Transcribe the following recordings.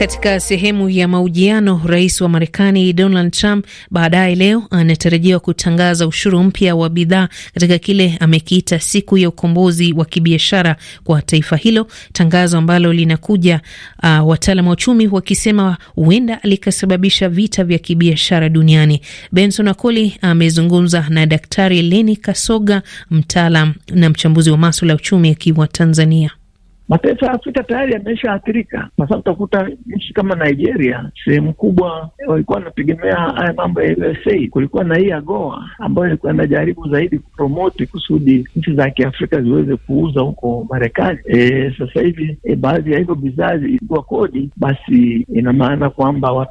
Katika sehemu ya mahojiano, rais wa Marekani Donald Trump baadaye leo anatarajiwa kutangaza ushuru mpya wa bidhaa katika kile amekiita siku ya ukombozi wa kibiashara kwa taifa hilo, tangazo ambalo linakuja uh, wataalam wa uchumi wakisema huenda likasababisha vita vya kibiashara duniani. Benson Akoli amezungumza na Daktari Leni Kasoga, mtaalam na mchambuzi wa maswala ya uchumi akiwa Tanzania mataifa ya Afrika tayari yameshaathirika, kwa sababu utakuta nchi kama Nigeria sehemu kubwa walikuwa wanategemea haya mambo ya USA. Kulikuwa na hii AGOA ambayo ilikuwa inajaribu zaidi kupromoti kusudi nchi za kiafrika ziweze kuuza huko Marekani. E, sasa hivi e, baadhi ya hivyo bidhaa zilikuwa kodi, basi ina maana kwamba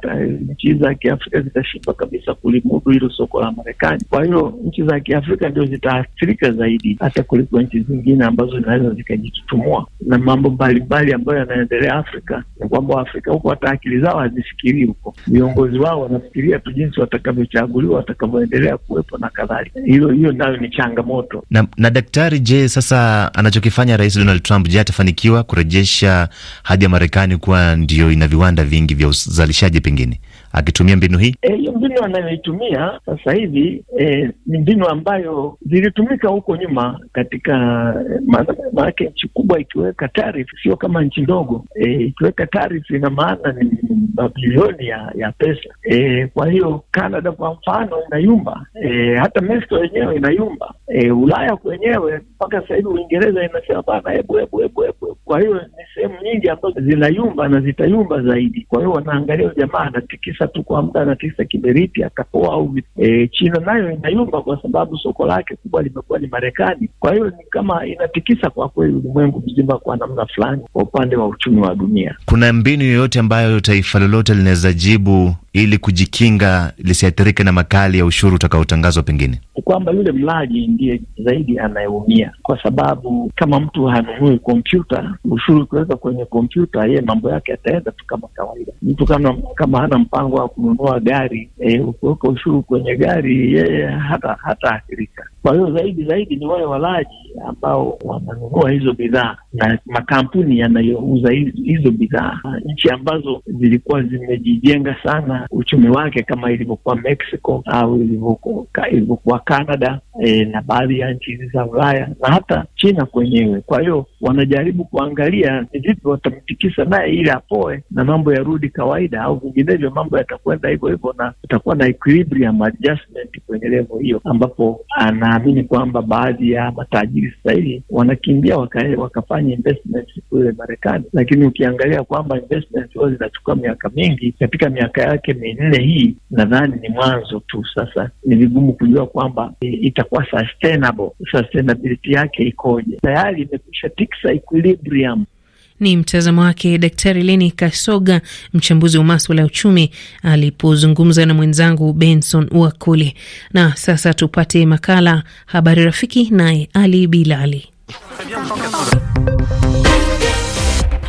nchi za kiafrika zitashindwa kabisa kulimudu hilo soko la Marekani. Kwa hiyo nchi za kiafrika ndio zitaathirika zaidi hata kuliko nchi zingine ambazo zinaweza zikajitutumua na mambo mbalimbali ambayo yanaendelea Afrika, ya kwamba Waafrika huko hata akili zao hazifikirii huko. Viongozi wao wanafikiria tu jinsi watakavyochaguliwa, watakavyoendelea kuwepo na kadhalika. Hilo hiyo nayo ni changamoto. Na, na daktari, je, sasa anachokifanya Rais Donald Trump, je, atafanikiwa kurejesha hadhi ya Marekani kuwa ndio ina viwanda vingi vya uzalishaji pengine akitumia mbinu hii. Eh, hiyo e, mbinu anayoitumia sasa hivi e, ni mbinu ambayo zilitumika huko nyuma katika eh, maanake, nchi kubwa ikiweka tarif sio kama nchi ndogo e, ikiweka tarif ina maana ni mabilioni ya, ya pesa e, kwa hiyo Canada kwa mfano inayumba e, hata Mexico yenyewe inayumba e, Ulaya kwenyewe mpaka sasa hivi Uingereza inasema bana, hebu hebu hebu hebu. Kwa hiyo ni sehemu nyingi ambazo zinayumba na zitayumba zaidi, kwa hiyo wanaangalia jamaa anatikisa tisa tu kuamka na tisa kiberiti akapoa au e, China nayo inayumba kwa sababu soko lake kubwa limekuwa ni Marekani. Kwa hiyo ni kama inatikisa kwa kweli ulimwengu mzima kwa namna fulani, kwa upande wa uchumi wa dunia. Kuna mbinu yoyote ambayo taifa lolote linaweza jibu ili kujikinga lisiathirike na makali ya ushuru utakaotangazwa? Pengine kwamba yule mlaji ndiye zaidi anayeumia, kwa sababu kama mtu hanunui kompyuta, ushuru ukiweka kwenye kompyuta, yeye mambo yake yataenda tu kama kawaida. Mtu kama, kama hana mpango mpango wa kununua gari e, eh, ukiweka ushuru kwenye gari yeye hata hataathirika. Kwa hiyo zaidi zaidi ni wale walaji ambao wananunua hizo bidhaa na makampuni yanayouza hizo bidhaa. Nchi ambazo zilikuwa zimejijenga sana uchumi wake kama ilivyokuwa Mexico au ilivyokuwa Canada e, na baadhi ya nchi hizi za Ulaya na hata China kwenyewe. Kwa hiyo wanajaribu kuangalia ni vipi watamtikisa naye ili apoe na mambo yarudi kawaida, au vinginevyo mambo yatakwenda hivyo hivyo na utakuwa na equilibrium adjustment kwenye levo hiyo, ambapo anaamini kwamba baadhi ya matajiri nafikiri sasa wanakimbia wakafanya investment kule Marekani, lakini ukiangalia kwamba investment huwa zinachukua miaka mingi, katika miaka yake minne hii nadhani ni mwanzo tu. Sasa ni vigumu kujua kwamba e, itakuwa sustainable, sustainability yake ikoje. Tayari imekwisha tiksa equilibrium ni mtazamo wake Daktari Leni Kasoga, mchambuzi wa maswala ya uchumi, alipozungumza na mwenzangu Benson wakuli Na sasa tupate makala Habari Rafiki, naye Ali Bilali.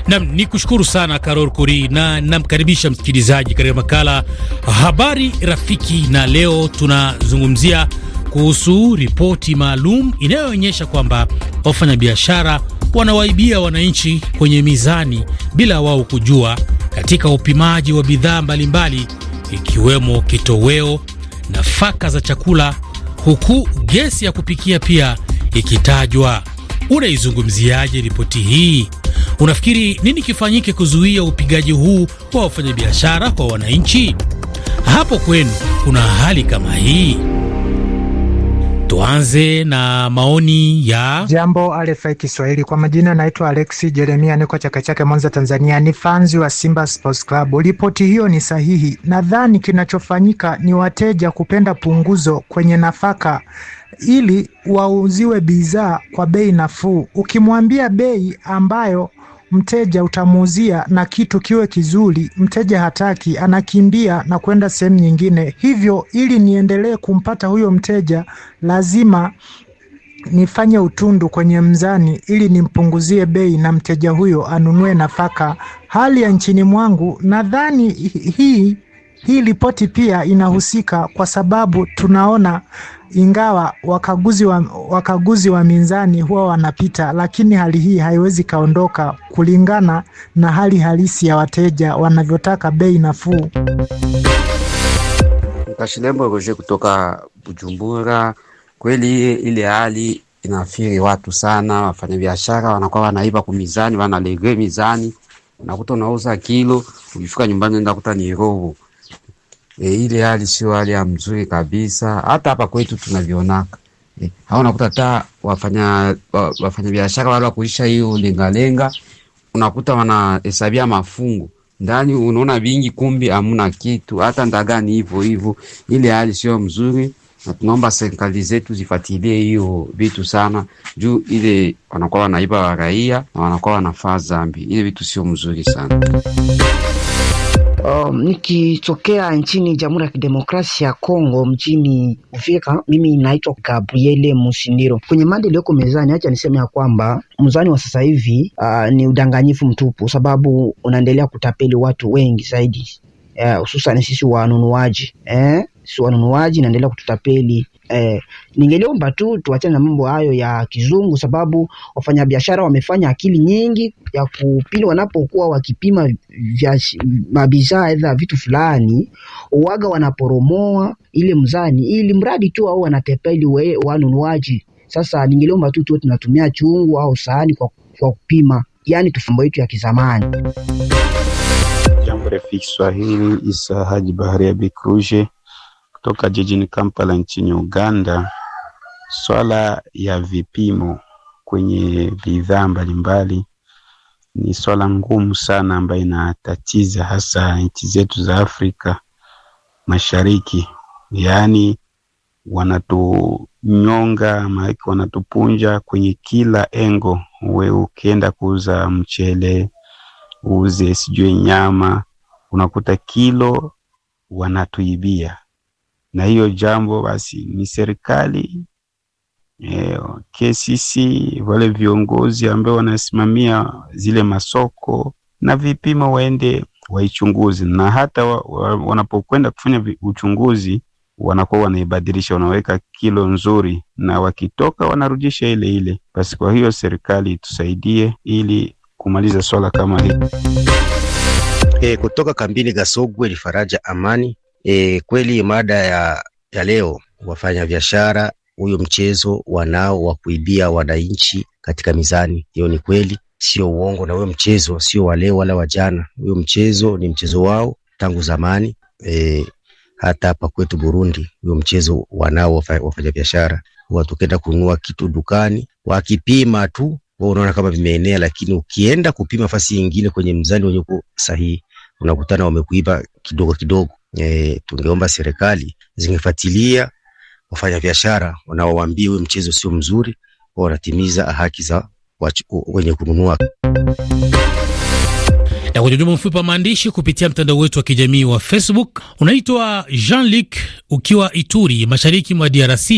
Nam ni kushukuru sana Karol Kuri na namkaribisha msikilizaji katika makala Habari Rafiki, na leo tunazungumzia kuhusu ripoti maalum inayoonyesha kwamba wafanyabiashara wanawaibia wananchi kwenye mizani bila wao kujua, katika upimaji wa bidhaa mbalimbali ikiwemo kitoweo, nafaka za chakula, huku gesi ya kupikia pia ikitajwa. Unaizungumziaje ripoti hii? Unafikiri nini kifanyike kuzuia upigaji huu wa wafanyabiashara kwa wananchi? Hapo kwenu kuna hali kama hii? Tuanze na maoni ya jambo RFI Kiswahili. Kwa majina naitwa Alexi Jeremia, niko Chake Chake, Mwanza, Tanzania. Ni fanzi wa Simba Sports Club. Ripoti hiyo ni sahihi. Nadhani kinachofanyika ni wateja kupenda punguzo kwenye nafaka ili wauziwe bidhaa kwa bei nafuu. Ukimwambia bei ambayo mteja utamuuzia na kitu kiwe kizuri, mteja hataki, anakimbia na kwenda sehemu nyingine. Hivyo ili niendelee kumpata huyo mteja, lazima nifanye utundu kwenye mzani ili nimpunguzie bei na mteja huyo anunue nafaka. Hali ya nchini mwangu nadhani hii hii ripoti pia inahusika kwa sababu tunaona ingawa wakaguzi wa, wakaguzi wa mizani huwa wanapita, lakini hali hii haiwezi kaondoka kulingana na hali halisi ya wateja wanavyotaka bei nafuu. Kashilembo Roje kutoka Bujumbura. Kweli ile hali inaathiri watu sana, wafanyabiashara wanakuwa wanaiba kumizani, wanalegee mizani, unakuta unauza kilo, ukifika nyumbani unakuta ni robo e, ile hali sio hali ya mzuri kabisa. Hata hapa kwetu tunavionaka e, haunakuta ta wafanya wafanya biashara wale kuisha hiyo lengalenga, unakuta wanahesabia mafungu ndani, unaona vingi, kumbi amuna kitu. Hata ndagani hivyo hivyo, ile hali sio mzuri na tunaomba serikali zetu zifatilie hiyo vitu sana, juu ile wanakuwa wanaiba wa raia na wanakuwa wanafaa zambi. Ile vitu sio mzuri sana. Um, nikitokea nchini Jamhuri ya Kidemokrasia ya Kongo mjini Uvira, mimi naitwa Gabriele Musindiro. Kwenye mada iliyoko mezani, acha niseme ya kwamba mzani wa sasa hivi uh, ni udanganyifu mtupu, sababu unaendelea kutapeli watu wengi zaidi uh, hususan uh, sisi wanunuaji eh? wanunuaji naendelea kututapeli. Eh, ningeliomba tu tuachane na mambo hayo ya kizungu, sababu wafanyabiashara wamefanya akili nyingi ya kupili Wanapokuwa wakipima mabidhaa aidha vitu fulani, uwaga wanaporomoa ile mzani, ili mradi tu au wanatepeli we, wanunuaji. Sasa ningeliomba tu tuwe tunatumia chungu au sahani kwa, kwa kupima, yaani tufumbo yetu ya kizamani. Jambo refi Kiswahili, Isa Haji Bahari ya Bikruje kutoka jijini Kampala nchini Uganda, swala ya vipimo kwenye bidhaa mbalimbali ni swala ngumu sana ambayo inatatiza hasa nchi zetu za Afrika Mashariki, yaani wanatunyonga maiki, wanatupunja kwenye kila engo. We ukienda kuuza mchele, uuze sijui nyama, unakuta kilo wanatuibia na hiyo jambo basi ni serikali e, eh, KCC wale viongozi ambao wanasimamia zile masoko na vipimo waende waichunguzi, na hata wa, wa, wanapokwenda kufanya uchunguzi wanakuwa wanaibadilisha, wanaweka kilo nzuri, na wakitoka wanarudisha ile ile. Basi kwa hiyo serikali itusaidie ili kumaliza swala kama hili. Hey, eh, kutoka kambini Gasogwe ni Faraja Amani E, kweli mada ya, ya leo, wafanya biashara huyo mchezo wanao wa kuibia wananchi katika mizani, hiyo ni kweli, sio uongo. Na huyo mchezo sio wa leo wala wa jana, huyo mchezo ni mchezo wao tangu zamani. E, hata hapa kwetu Burundi huyo mchezo wanao wafanya biashara, huwa tukienda kununua kitu dukani, wakipima tu wewe unaona kama vimeenea, lakini ukienda kupima fasi nyingine kwenye mzani wenye uko sahihi unakutana wamekuiba kidogo kidogo. E, tungeomba serikali zingefuatilia wafanyabiashara wanaowaambia huyu mchezo sio mzuri, wao wanatimiza haki za wenye kununua. Na kwenye ujumbe mfupi wa maandishi kupitia mtandao wetu wa kijamii wa Facebook, unaitwa Jean Luc ukiwa Ituri, mashariki mwa DRC.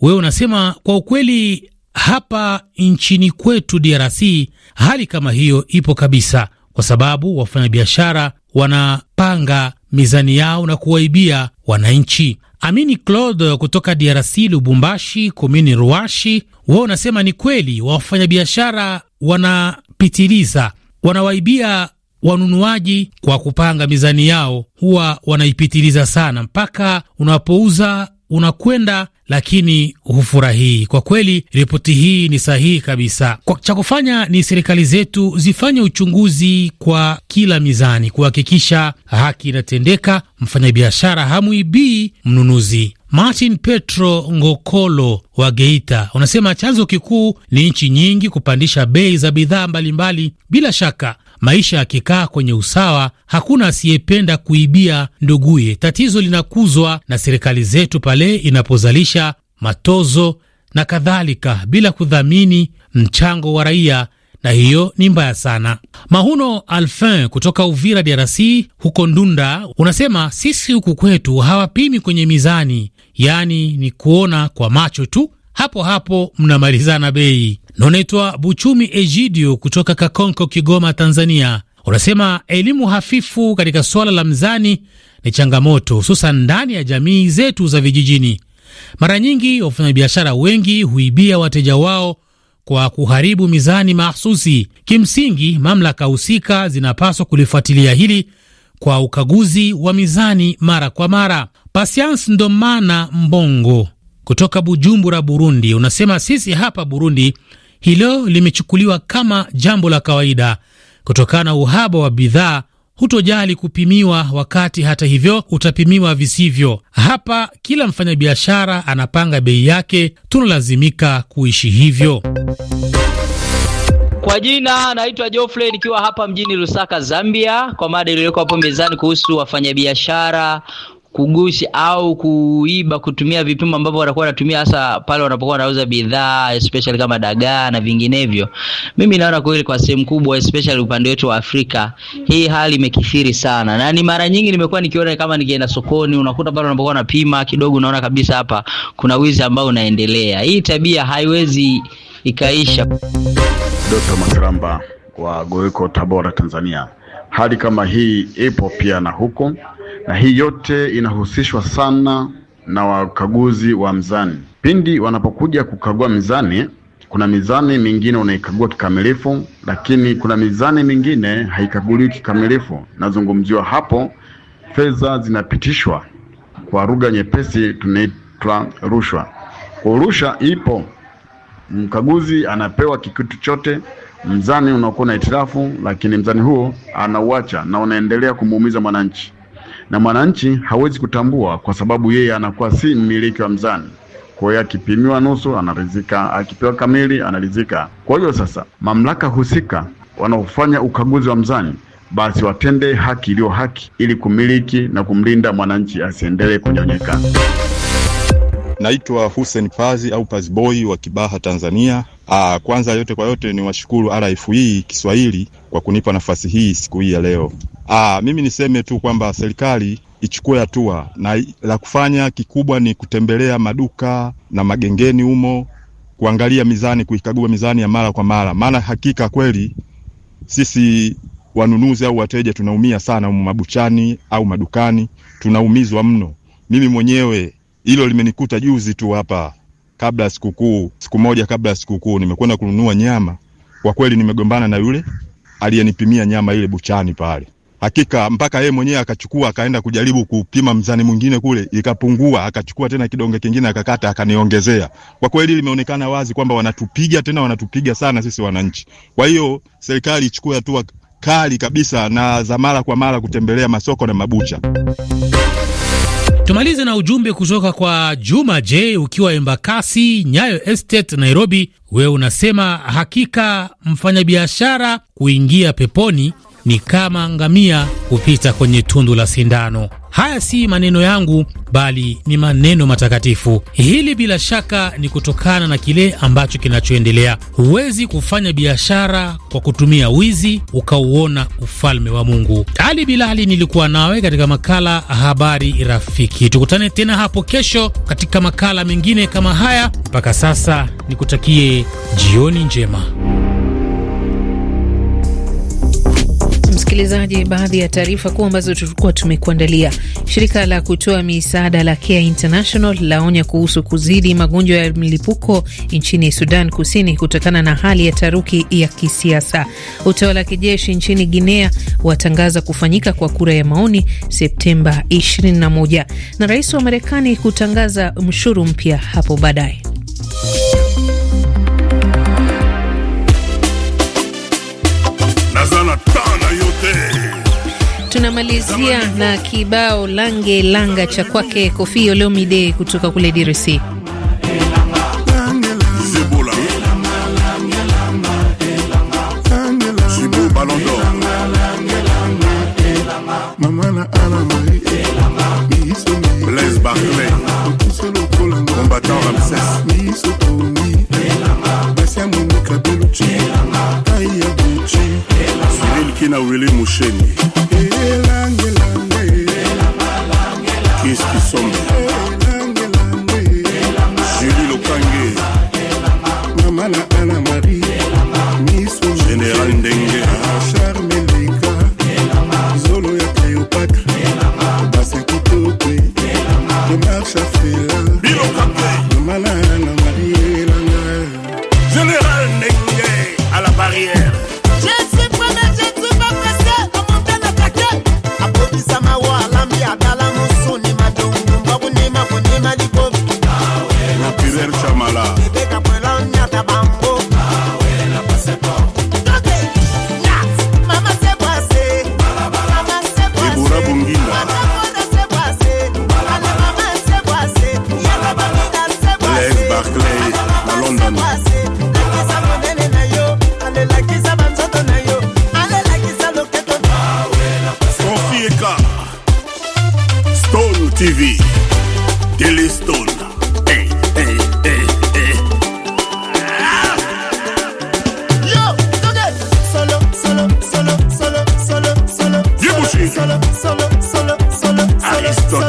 Wewe unasema kwa ukweli, hapa nchini kwetu DRC hali kama hiyo ipo kabisa, kwa sababu wafanyabiashara wanapanga mizani yao na kuwaibia wananchi. Amini Claude kutoka DRC, Lubumbashi, komini Ruashi, wao wanasema ni kweli wafanyabiashara wanapitiliza, wanawaibia wanunuaji kwa kupanga mizani yao, huwa wanaipitiliza sana mpaka unapouza unakwenda lakini hufurahii. Kwa kweli ripoti hii ni sahihi kabisa. Cha kufanya ni serikali zetu zifanye uchunguzi kwa kila mizani kuhakikisha haki inatendeka, mfanyabiashara hamwibii mnunuzi. Martin Petro Ngokolo wa Geita unasema chanzo kikuu ni nchi nyingi kupandisha bei za bidhaa mbalimbali. Bila shaka maisha yakikaa kwenye usawa, hakuna asiyependa kuibia nduguye. Tatizo linakuzwa na serikali zetu pale inapozalisha matozo na kadhalika bila kudhamini mchango wa raia, na hiyo ni mbaya sana. Mahuno Alfin kutoka Uvira, DRC, huko Ndunda, unasema sisi huku kwetu hawapimi kwenye mizani, yaani ni kuona kwa macho tu, hapo hapo mnamalizana bei na unaitwa Buchumi Egidio kutoka Kakonko, Kigoma, Tanzania. Unasema elimu hafifu katika suala la mzani ni changamoto, hususan ndani ya jamii zetu za vijijini. Mara nyingi wafanyabiashara wengi huibia wateja wao kwa kuharibu mizani mahsusi. Kimsingi, mamlaka husika zinapaswa kulifuatilia hili kwa ukaguzi wa mizani mara kwa mara. Patience Ndomana Mbongo kutoka Bujumbura, Burundi, unasema sisi hapa Burundi hilo limechukuliwa kama jambo la kawaida kutokana na uhaba wa bidhaa. Hutojali kupimiwa, wakati hata hivyo utapimiwa visivyo. Hapa kila mfanyabiashara anapanga bei yake, tunalazimika kuishi hivyo. Kwa jina naitwa Geoffrey nikiwa hapa mjini Lusaka, Zambia, kwa mada iliyoko hapo mezani kuhusu wafanyabiashara kugushi au kuiba kutumia vipimo ambavyo watakuwa wanatumia hasa pale wanapokuwa wanauza bidhaa especially kama dagaa na vinginevyo. Mimi naona kweli kwa sehemu kubwa especially upande wetu wa Afrika hii hali imekithiri sana, na ni mara nyingi nimekuwa nikiona kama nikienda sokoni, unakuta pale wanapokuwa wanapima kidogo, unaona kabisa hapa kuna wizi ambao unaendelea. Hii tabia haiwezi ikaisha. Dr. Makaramba wa Goiko, Tabora, Tanzania. Hali kama hii ipo pia na huko na hii yote inahusishwa sana na wakaguzi wa mzani Pindi wanapokuja kukagua mizani, kuna mizani mingine unaikagua kikamilifu, lakini kuna mizani mingine haikaguliwi kikamilifu. Nazungumziwa hapo, fedha zinapitishwa kwa lugha nyepesi tunaitwa rushwa. Kwa rushwa ipo, mkaguzi anapewa kikitu chote, mzani unakuwa na itirafu, lakini mzani huo anauacha na unaendelea kumuumiza mwananchi na mwananchi hawezi kutambua kwa sababu yeye anakuwa si mmiliki wa mzani. Kwa hiyo akipimiwa nusu anaridhika, akipewa kamili anaridhika. Kwa hiyo sasa, mamlaka husika wanaofanya ukaguzi wa mzani basi watende haki iliyo haki ili kumiliki na kumlinda mwananchi asiendelee kunyonyeka. Naitwa Hussein Pazi au Paziboi wa Kibaha, Tanzania. Aa, kwanza yote kwa yote ni washukuru RFI Kiswahili kwa kunipa nafasi hii siku hii ya leo. Aa, ah, mimi niseme tu kwamba serikali ichukue hatua na la kufanya kikubwa ni kutembelea maduka na magengeni humo, kuangalia mizani, kuikagua mizani ya mara kwa mara, maana hakika kweli sisi wanunuzi au wateja tunaumia sana humo mabuchani au madukani, tunaumizwa mno. Mimi mwenyewe hilo limenikuta juzi tu hapa kabla ya sikukuu, siku moja kabla ya sikukuu, nimekwenda kununua nyama. Kwa kweli nimegombana na yule aliyenipimia nyama ile buchani pale. Hakika mpaka yeye mwenyewe akachukua akaenda kujaribu kupima mzani mwingine kule, ikapungua, akachukua tena kidonge kingine akakata, akaniongezea. Kwa kweli limeonekana wazi kwamba wanatupiga tena, wanatupiga sana sisi wananchi. Kwa hiyo serikali ichukue hatua kali kabisa na za mara kwa mara kutembelea masoko na mabucha. Tumalize na ujumbe kutoka kwa Juma J ukiwa Embakasi, Nyayo Estate, Nairobi. Wewe unasema hakika mfanyabiashara kuingia peponi ni kama ngamia kupita kwenye tundu la sindano. Haya si maneno yangu, bali ni maneno matakatifu. Hili bila shaka ni kutokana na kile ambacho kinachoendelea. Huwezi kufanya biashara kwa kutumia wizi ukauona ufalme wa Mungu. Ali Bilali nilikuwa nawe katika makala Habari Rafiki. Tukutane tena hapo kesho katika makala mengine kama haya. Mpaka sasa nikutakie jioni njema. msikilizaji, baadhi ya taarifa kuu ambazo tulikuwa tumekuandalia. Shirika la kutoa misaada la Care International laonya kuhusu kuzidi magonjwa ya mlipuko nchini Sudan Kusini kutokana na hali ya taruki ya kisiasa. Utawala wa kijeshi nchini Guinea watangaza kufanyika kwa kura ya maoni Septemba 21 na rais wa Marekani kutangaza mshuru mpya hapo baadaye. Tunamalizia na kibao lange langa cha kwake Koffi Olomide kutoka kule DRC.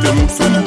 Salam, salam,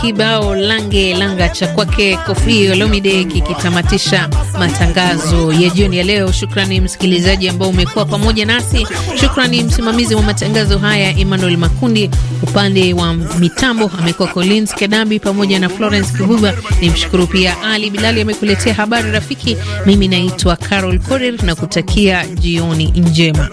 kibao lange langa cha kwake kofi Olomide kikitamatisha matangazo ya jioni ya leo. Shukrani msikilizaji ambao umekuwa pamoja nasi. Shukrani msimamizi wa matangazo haya Emmanuel Makundi, upande wa mitambo amekuwa Collins Kedambi pamoja na Florence Kibuba. mshukuru pia Ali Bilali amekuletea habari rafiki. Mimi naitwa Carol Korir na kutakia jioni njema.